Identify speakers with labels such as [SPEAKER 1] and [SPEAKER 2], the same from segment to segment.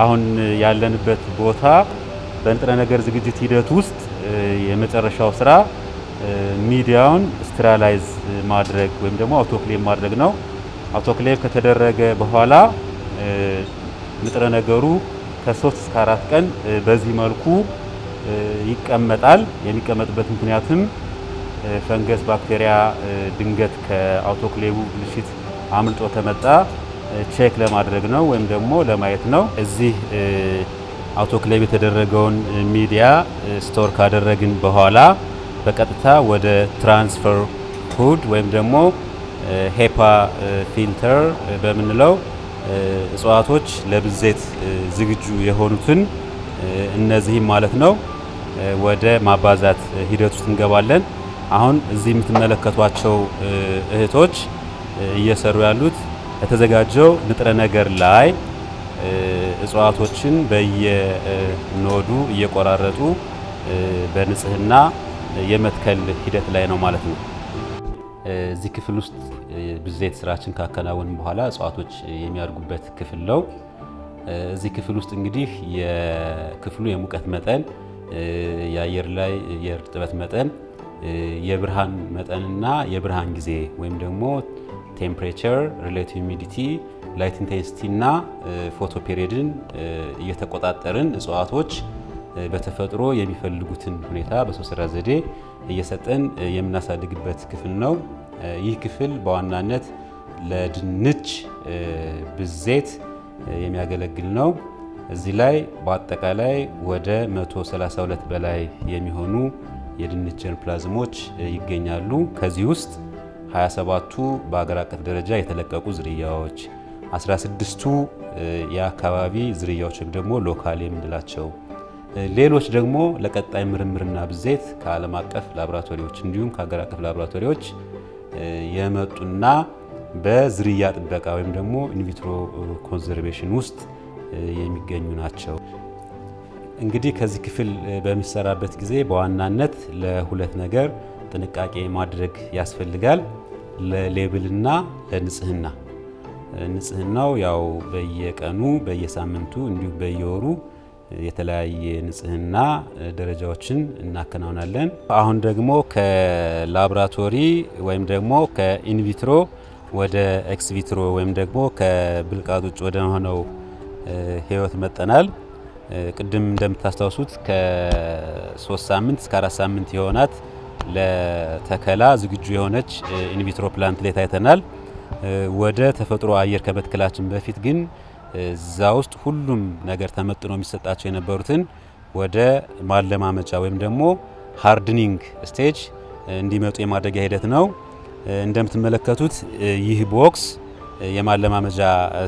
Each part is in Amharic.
[SPEAKER 1] አሁን ያለንበት ቦታ በንጥረ ነገር ዝግጅት ሂደት ውስጥ የመጨረሻው ስራ ሚዲያውን ስትራላይዝ ማድረግ ወይም ደግሞ አውቶክሌቭ ማድረግ ነው። አውቶክሌቭ ከተደረገ በኋላ ንጥረ ነገሩ ከሶስት እስከ አራት ቀን በዚህ መልኩ ይቀመጣል። የሚቀመጥበት ምክንያትም ፈንገስ፣ ባክቴሪያ ድንገት ከአውቶክሌቡ ብልሽት አምልጦ ተመጣ ቼክ ለማድረግ ነው ወይም ደግሞ ለማየት ነው። እዚህ አውቶክሌቭ የተደረገውን ሚዲያ ስቶር ካደረግን በኋላ በቀጥታ ወደ ትራንስፈር ሁድ ወይም ደግሞ ሄፓ ፊልተር በምንለው እጽዋቶች ለብዜት ዝግጁ የሆኑትን እነዚህም ማለት ነው ወደ ማባዛት ሂደት ውስጥ እንገባለን። አሁን እዚህ የምትመለከቷቸው እህቶች እየሰሩ ያሉት በተዘጋጀው ንጥረ ነገር ላይ እጽዋቶችን በየኖዱ እየቆራረጡ በንጽህና የመትከል ሂደት ላይ ነው ማለት ነው። እዚህ ክፍል ውስጥ ብዜት ስራችን ካከናወን በኋላ እጽዋቶች የሚያድጉበት ክፍል ነው። እዚህ ክፍል ውስጥ እንግዲህ የክፍሉ የሙቀት መጠን፣ የአየር ላይ የእርጥበት መጠን፣ የብርሃን መጠንና የብርሃን ጊዜ ወይም ደግሞ ቴምፕሬቸር፣ ሪሌቲቭ ሚዲቲ፣ ላይት ኢንቴንሲቲ እና ፎቶ ፔሪድን እየተቆጣጠርን እጽዋቶች በተፈጥሮ የሚፈልጉትን ሁኔታ በሰው ዘዴ እየሰጠን የምናሳድግበት ክፍል ነው። ይህ ክፍል በዋናነት ለድንች ብዜት የሚያገለግል ነው። እዚህ ላይ በአጠቃላይ ወደ 132 በላይ የሚሆኑ የድንችን ፕላዝሞች ይገኛሉ። ከዚህ ውስጥ 27ቱ በሀገር አቀፍ ደረጃ የተለቀቁ ዝርያዎች፣ 16ቱ የአካባቢ ዝርያዎች ወይም ደግሞ ሎካል የምንላቸው ሌሎች ደግሞ ለቀጣይ ምርምርና ብዜት ከዓለም አቀፍ ላቦራቶሪዎች እንዲሁም ከሀገር አቀፍ ላቦራቶሪዎች የመጡና በዝርያ ጥበቃ ወይም ደግሞ ኢንቪትሮ ኮንዘርቬሽን ውስጥ የሚገኙ ናቸው። እንግዲህ ከዚህ ክፍል በሚሰራበት ጊዜ በዋናነት ለሁለት ነገር ጥንቃቄ ማድረግ ያስፈልጋል። ለሌብልና ለንጽህና ንጽህናው ያው በየቀኑ በየሳምንቱ እንዲሁም በየወሩ የተለያየ ንጽህና ደረጃዎችን እናከናውናለን። አሁን ደግሞ ከላብራቶሪ ወይም ደግሞ ከኢንቪትሮ ወደ ኤክስቪትሮ ወይም ደግሞ ከብልቃት ውጭ ወደ ሆነው ህይወት መጠናል። ቅድም እንደምታስታውሱት ከሶስት ሳምንት እስከ አራት ሳምንት የሆናት ለተከላ ዝግጁ የሆነች ኢንቪትሮ ፕላንት ላይ ታይተናል። ወደ ተፈጥሮ አየር ከመትከላችን በፊት ግን እዛ ውስጥ ሁሉም ነገር ተመጥኖ የሚሰጣቸው የነበሩትን ወደ ማለማመጃ ወይም ደግሞ ሃርድኒንግ ስቴጅ እንዲመጡ የማድረጊያ ሂደት ነው። እንደምትመለከቱት ይህ ቦክስ የማለማመጃ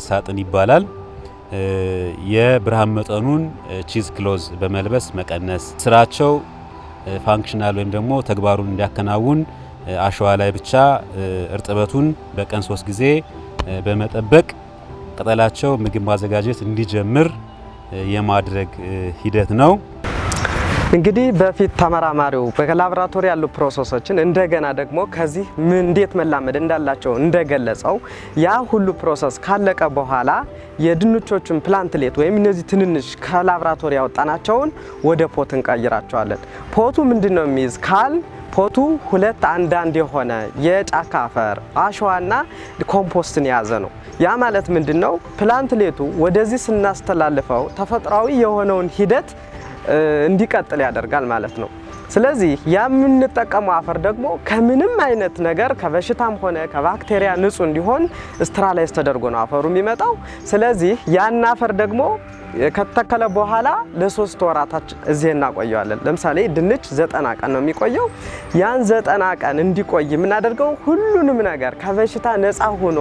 [SPEAKER 1] ሳጥን ይባላል። የብርሃን መጠኑን ቺዝ ክሎዝ በመልበስ መቀነስ ስራቸው ፋንክሽናል ወይም ደግሞ ተግባሩን እንዲያከናውን አሸዋ ላይ ብቻ እርጥበቱን በቀን ሶስት ጊዜ በመጠበቅ ቅጠላቸው ምግብ ማዘጋጀት እንዲጀምር የማድረግ ሂደት ነው።
[SPEAKER 2] እንግዲህ በፊት ተመራማሪው በላብራቶሪ ያሉ ፕሮሰሶችን እንደገና ደግሞ ከዚህ እንዴት መላመድ እንዳላቸው እንደገለጸው ያ ሁሉ ፕሮሰስ ካለቀ በኋላ የድንቾቹን ፕላንትሌት ወይም እነዚህ ትንንሽ ከላብራቶሪ ያወጣናቸውን ወደ ፖት እንቀይራቸዋለን። ፖቱ ምንድን ነው የሚይዝ ካል ፖቱ ሁለት አንዳንድ የሆነ የጫካ አፈር አሸዋና ኮምፖስትን የያዘ ነው። ያ ማለት ምንድን ነው? ፕላንትሌቱ ወደዚህ ስናስተላልፈው ተፈጥሯዊ የሆነውን ሂደት እንዲቀጥል ያደርጋል ማለት ነው። ስለዚህ የምንጠቀመው አፈር ደግሞ ከምንም አይነት ነገር ከበሽታም ሆነ ከባክቴሪያ ንጹህ እንዲሆን ስትራላይዝ ተደርጎ ነው አፈሩ የሚመጣው። ስለዚህ ያን አፈር ደግሞ ከተተከለ በኋላ ለሶስት ወራታች እዚህ እናቆየዋለን። ለምሳሌ ድንች ዘጠና ቀን ነው የሚቆየው። ያን ዘጠና ቀን እንዲቆይ የምናደርገው ሁሉንም ነገር ከበሽታ ነፃ ሆኖ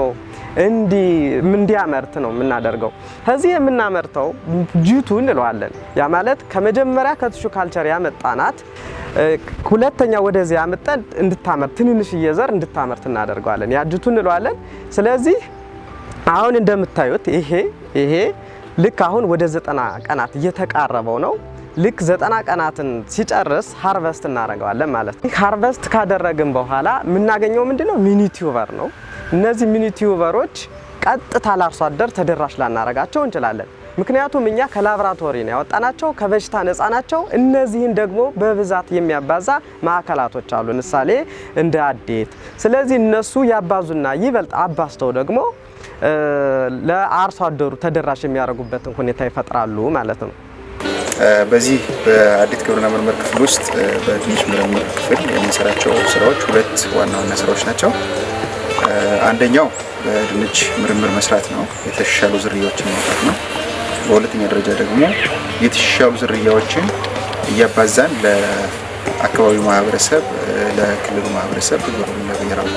[SPEAKER 2] እንዲያመርት ነው የምናደርገው። ከዚህ የምናመርተው ጅቱ እንለዋለን። ያ ማለት ከመጀመሪያ ከትሹ ካልቸር ያመጣናት ሁለተኛ ወደዚህ ያመጣን እንድታመርት ትንንሽ እየዘር እንድታመርት እናደርገዋለን። ያ ጅቱ እንለዋለን። ስለዚህ አሁን እንደምታዩት ይሄ ይሄ ልክ አሁን ወደ ዘጠና ቀናት እየተቃረበው ነው። ልክ ዘጠና ቀናትን ሲጨርስ ሃርቨስት እናደርገዋለን ማለት ነው። ሃርቨስት ካደረግን በኋላ የምናገኘው ምንድነው? ሚኒ ቲዩበር ነው። እነዚህ ሚኒ ቲዩበሮች ቀጥታ ለአርሶ አደር ተደራሽ ላናረጋቸው እንችላለን። ምክንያቱም እኛ ከላብራቶሪ ነው ያወጣናቸው፣ ከበሽታ ነፃ ናቸው። እነዚህን ደግሞ በብዛት የሚያባዛ ማዕከላቶች አሉ፣ ምሳሌ እንደ አዴት። ስለዚህ እነሱ ያባዙና ይበልጥ አባዝተው ደግሞ ለአርሶ አደሩ ተደራሽ የሚያደርጉበትን ሁኔታ ይፈጥራሉ ማለት ነው።
[SPEAKER 3] በዚህ በአዴት ግብርና ምርምር ክፍል ውስጥ በትንሽ ምርምር ክፍል የምንሰራቸው ስራዎች ሁለት ዋና ዋና ስራዎች ናቸው። አንደኛው በድንች ምርምር መስራት ነው፣ የተሻሉ ዝርያዎችን ማውጣት ነው። በሁለተኛ ደረጃ ደግሞ የተሻሉ ዝርያዎችን እያባዛን ለአካባቢው ማህበረሰብ፣ ለክልሉ ማህበረሰብ ብሎም ለብሔራዊ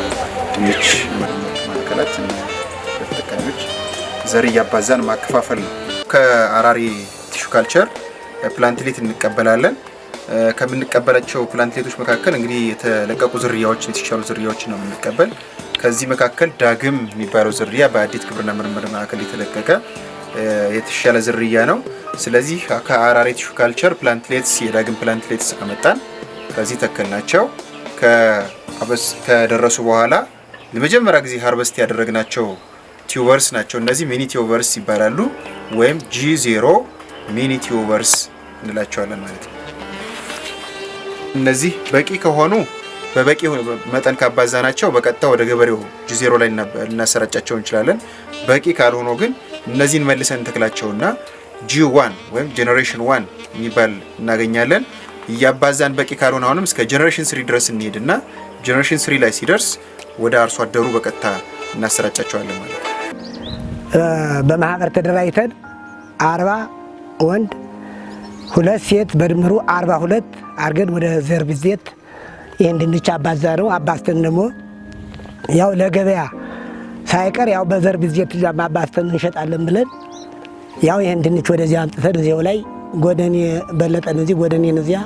[SPEAKER 3] ድንች ምርምር ማዕከላት ለተጠቃሚዎች ዘር እያባዛን ማከፋፈል ነው። ከአራሪ ቲሹ ካልቸር ፕላንትሌት እንቀበላለን። ከምንቀበላቸው ፕላንትሌቶች መካከል እንግዲህ የተለቀቁ ዝርያዎችን የተሻሉ ዝርያዎችን ነው የምንቀበል። ከዚህ መካከል ዳግም የሚባለው ዝርያ በአዲት ግብርና ምርምር ማዕከል የተለቀቀ የተሻለ ዝርያ ነው። ስለዚህ ከአራሬ ቲሹ ካልቸር ፕላንትሌትስ የዳግም ፕላንትሌትስ አመጣን። ከዚህ ተክል ናቸው ከደረሱ በኋላ ለመጀመሪያ ጊዜ ሀርበስት ያደረግናቸው ቲዩቨርስ ናቸው። እነዚህ ሚኒ ቲዩቨርስ ይባላሉ፣ ወይም ጂ ዜሮ ሚኒ ቲዩቨርስ እንላቸዋለን ማለት ነው። እነዚህ በቂ ከሆኑ በበቂ መጠን ካባዛ ናቸው። በቀጥታ ወደ ገበሬው ጂዜሮ ላይ ልናሰራጫቸው እንችላለን። በቂ ካልሆኖ ግን እነዚህን መልሰን እንተክላቸውና ጂ ዋን ወይም ጄኔሬሽን ዋን የሚባል እናገኛለን። እያባዛን በቂ ካልሆነ አሁንም እስከ ጀኔሬሽን ስሪ ድረስ እንሄድና ጀኔሬሽን ስሪ ላይ ሲደርስ ወደ አርሶ አደሩ በቀጥታ እናሰራጫቸዋለን ማለት ነው።
[SPEAKER 4] በማህበር ተደራጅተን አርባ ወንድ ሁለት ሴት በድምሩ አርባ ሁለት አድርገን ወደ ዘር ብዜት ይህን ድንች አባዛረው አባስተን ደግሞ ያው ለገበያ ሳይቀር ያው በዘር ብዜት አባስተን እንሸጣለን ብለን ያው ይህን ድንች ወደዚያ አምጥተን እዚው ላይ ጎደኔ በለጠን እዚህ ጎደኔን እዚያ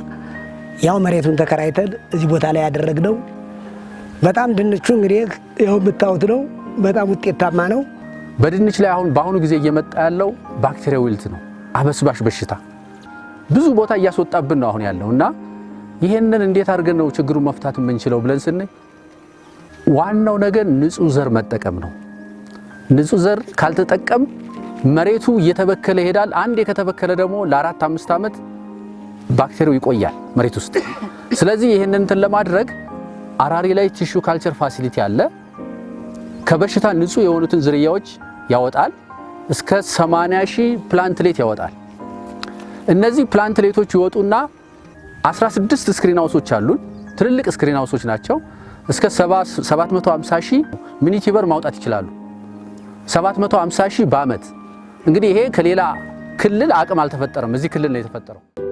[SPEAKER 4] ያው መሬቱን ተከራይተን እዚህ ቦታ ላይ ያደረግነው በጣም ድንቹ እንግዲህ ያው የምታዩት ነው። በጣም ውጤታማ ነው።
[SPEAKER 5] በድንች ላይ አሁን በአሁኑ ጊዜ እየመጣ ያለው ባክቴሪያ ዊልት ነው፣ አበስባሽ በሽታ ብዙ ቦታ እያስወጣብን ነው አሁን ያለው እና ይህንን እንዴት አድርገን ነው ችግሩን መፍታት የምንችለው ብለን ስንይ ዋናው ነገር ንጹህ ዘር መጠቀም ነው። ንጹህ ዘር ካልተጠቀም መሬቱ እየተበከለ ይሄዳል። አንዴ ከተበከለ ደግሞ ለአራት አምስት ዓመት ባክቴሪያው ይቆያል መሬት ውስጥ። ስለዚህ ይህንን እንትን ለማድረግ አራሪ ላይ ቲሹ ካልቸር ፋሲሊቲ አለ። ከበሽታ ንጹህ የሆኑትን ዝርያዎች ያወጣል። እስከ 80 ሺህ ፕላንትሌት ያወጣል። እነዚህ ፕላንትሌቶች ይወጡና 16 ስክሪን ሃውሶች አሉን። ትልልቅ ስክሪን ሃውሶች ናቸው። እስከ 750 ሺህ ሚኒቲቨር ማውጣት ይችላሉ። 750 ሺህ በአመት እንግዲህ ይሄ ከሌላ ክልል አቅም አልተፈጠረም። እዚህ ክልል ነው የተፈጠረው።